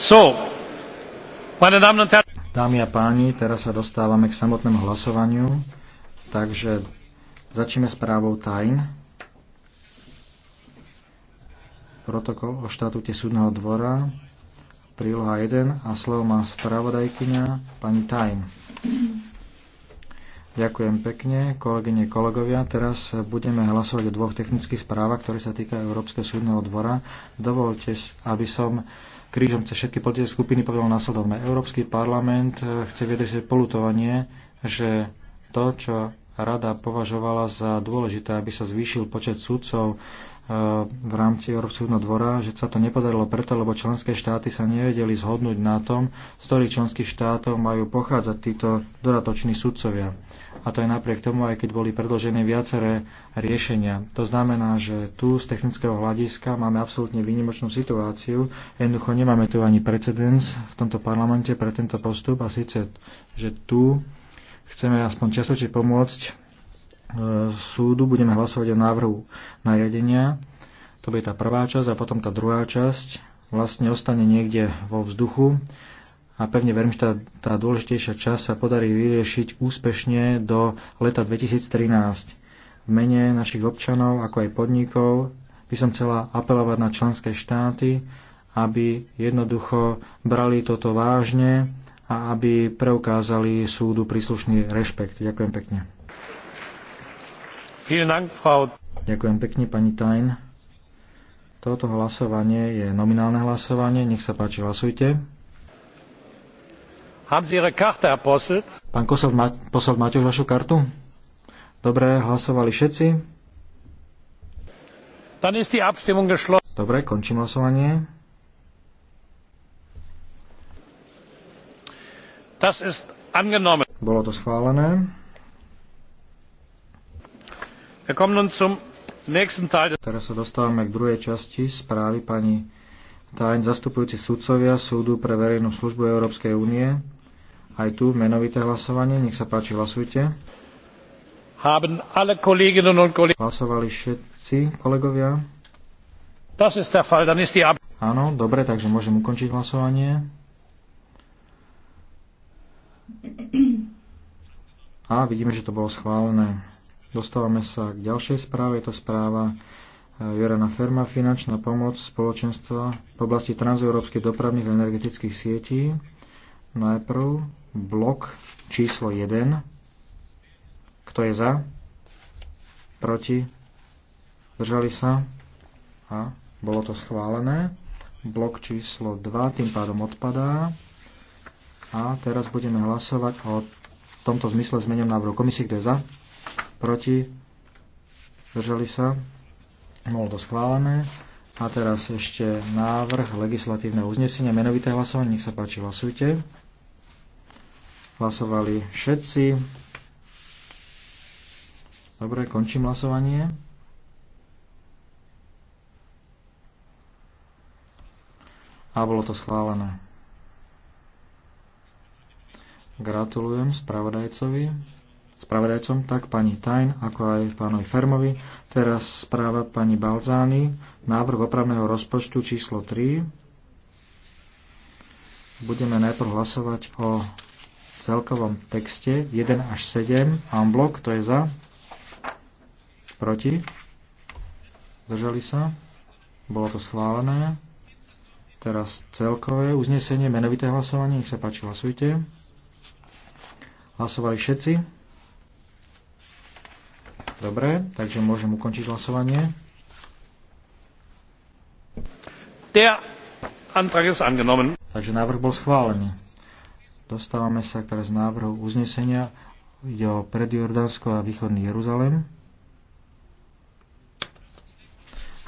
So, meine Damen und Herren. Dámy a páni, teraz sa dostávame k samotnému hlasovaniu, takže začneme správou tajn. Protokol o štatúte súdneho dvora, príloha 1 a slovo má spravodajkyňa pani Tajn. Ďakujem pekne, kolegyne, kolegovia. Teraz budeme hlasovať o dvoch technických správach, ktoré sa týkajú Európskeho súdneho dvora. Dovolte, aby som krížom cez všetky politické skupiny povedal následovné. Európsky parlament chce vyriešiť polutovanie, že to, čo rada považovala za dôležité, aby sa zvýšil počet súdcov e, v rámci Európskeho dvora, že sa to nepodarilo preto, lebo členské štáty sa nevedeli zhodnúť na tom, z ktorých členských štátov majú pochádzať títo dodatoční sudcovia. A to je napriek tomu, aj keď boli predložené viaceré riešenia. To znamená, že tu z technického hľadiska máme absolútne výnimočnú situáciu. Jednoducho nemáme tu ani precedens v tomto parlamente pre tento postup a síce, že tu chceme aspoň častočne pomôcť e, súdu. Budeme hlasovať o návrhu nariadenia. To bude tá prvá časť a potom tá druhá časť vlastne ostane niekde vo vzduchu a pevne verím, že tá, tá dôležitejšia časť sa podarí vyriešiť úspešne do leta 2013. V mene našich občanov, ako aj podnikov, by som chcela apelovať na členské štáty, aby jednoducho brali toto vážne a aby preukázali súdu príslušný rešpekt. Ďakujem pekne. Ďakujem pekne, pani Tajn. Toto hlasovanie je nominálne hlasovanie. Nech sa páči, hlasujte. Pán Kosel, ma- posol, máte už vašu kartu? Dobre, hlasovali všetci. Dobre, končím hlasovanie. Das ist angenommen. Bolo to schválené. Wir kommen nun zum nächsten Teil. Teraz sa dostávame k druhej časti správy pani Tajn, zastupujúci sudcovia súdu pre verejnú službu Európskej únie. Aj tu menovité hlasovanie. Nech sa páči, hlasujte. Haben alle Kolleginnen und Kollegen. Hlasovali všetci kolegovia. Das ist der Fall, dann ist die Áno, dobre, takže môžem ukončiť hlasovanie. A vidíme, že to bolo schválené. Dostávame sa k ďalšej správe. Je to správa e, Jorana Ferma, finančná pomoc spoločenstva v oblasti transeurópskych dopravných a energetických sietí. Najprv blok číslo 1. Kto je za? Proti? Držali sa? A bolo to schválené. Blok číslo 2 tým pádom odpadá. A teraz budeme hlasovať o tomto zmysle zmenom návrhu komisie, kto je za, proti, držali sa, bolo to schválené. A teraz ešte návrh legislatívneho uznesenia, menovité hlasovanie, nech sa páči, hlasujte. Hlasovali všetci. Dobre, končím hlasovanie. A bolo to schválené. Gratulujem spravodajcovi, spravodajcom, tak pani Tajn, ako aj pánovi Fermovi. Teraz správa pani Balzány, návrh opravného rozpočtu číslo 3. Budeme najprv hlasovať o celkovom texte 1 až 7, blok, to je za, proti, držali sa, bolo to schválené. Teraz celkové uznesenie, menovité hlasovanie, nech sa páči, hlasujte. Hlasovali všetci? Dobre, takže môžem ukončiť hlasovanie. Der Antrag ist angenommen. Takže návrh bol schválený. Dostávame sa teraz návrhu uznesenia. Ide o predjordánsko a východný Jeruzalem.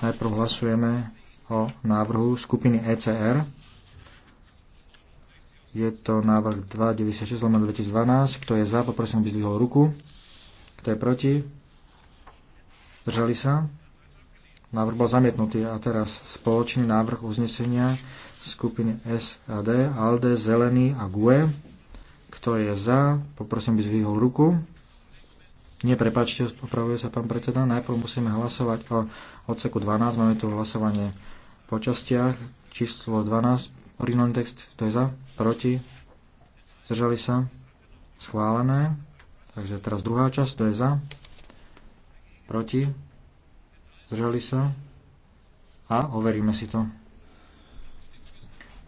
Najprv hlasujeme o návrhu skupiny ECR. Je to návrh 296 lomeno 2012. Kto je za, poprosím, aby zdvihol ruku. Kto je proti? Držali sa? Návrh bol zamietnutý a teraz spoločný návrh uznesenia skupiny SAD, ALDE, Zelený a GUE. Kto je za, poprosím, aby zvýhol ruku. Nie, prepáčte, opravuje sa pán predseda. Najprv musíme hlasovať o odseku 12. Máme tu hlasovanie po častiach. Číslo 12 Originálny text, to je za, proti, zdržali sa, schválené. Takže teraz druhá časť, to je za, proti, zdržali sa a overíme si to.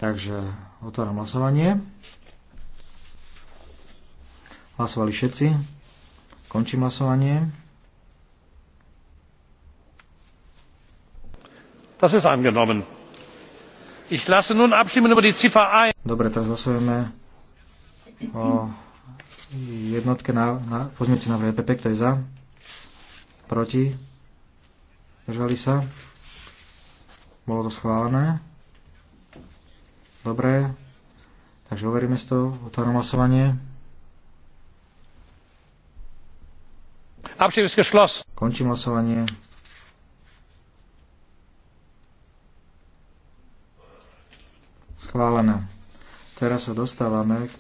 Takže otváram hlasovanie. Hlasovali všetci. Končím hlasovanie. Das ist angenommen. Dobre, teraz hlasujeme o jednotke na, na pozmeňujúci návrh EPP, kto je za, proti, držali sa, bolo to schválené. Dobre, takže overíme si to, otváram hlasovanie. Končím hlasovanie. Schválené. Teraz sa dostávame k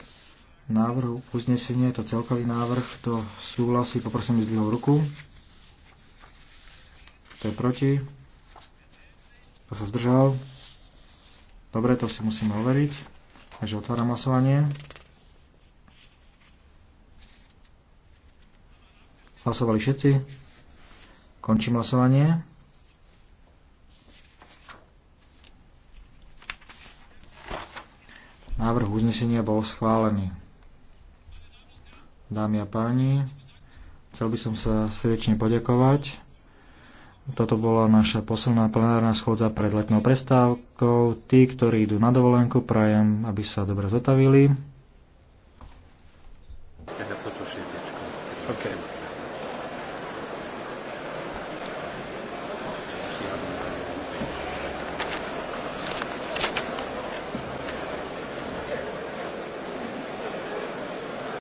návrhu uznesenie, Je to celkový návrh. Kto súhlasí, poprosím zdvihol ruku. Kto je proti? Kto sa zdržal? Dobre, to si musíme overiť. Takže otváram hlasovanie. Hlasovali všetci. Končím hlasovanie. Návrh uznesenia bol schválený. Dámy a páni, chcel by som sa srdečne poďakovať. Toto bola naša posledná plenárna schôdza pred letnou prestávkou. Tí, ktorí idú na dovolenku, prajem, aby sa dobre zotavili. Okay.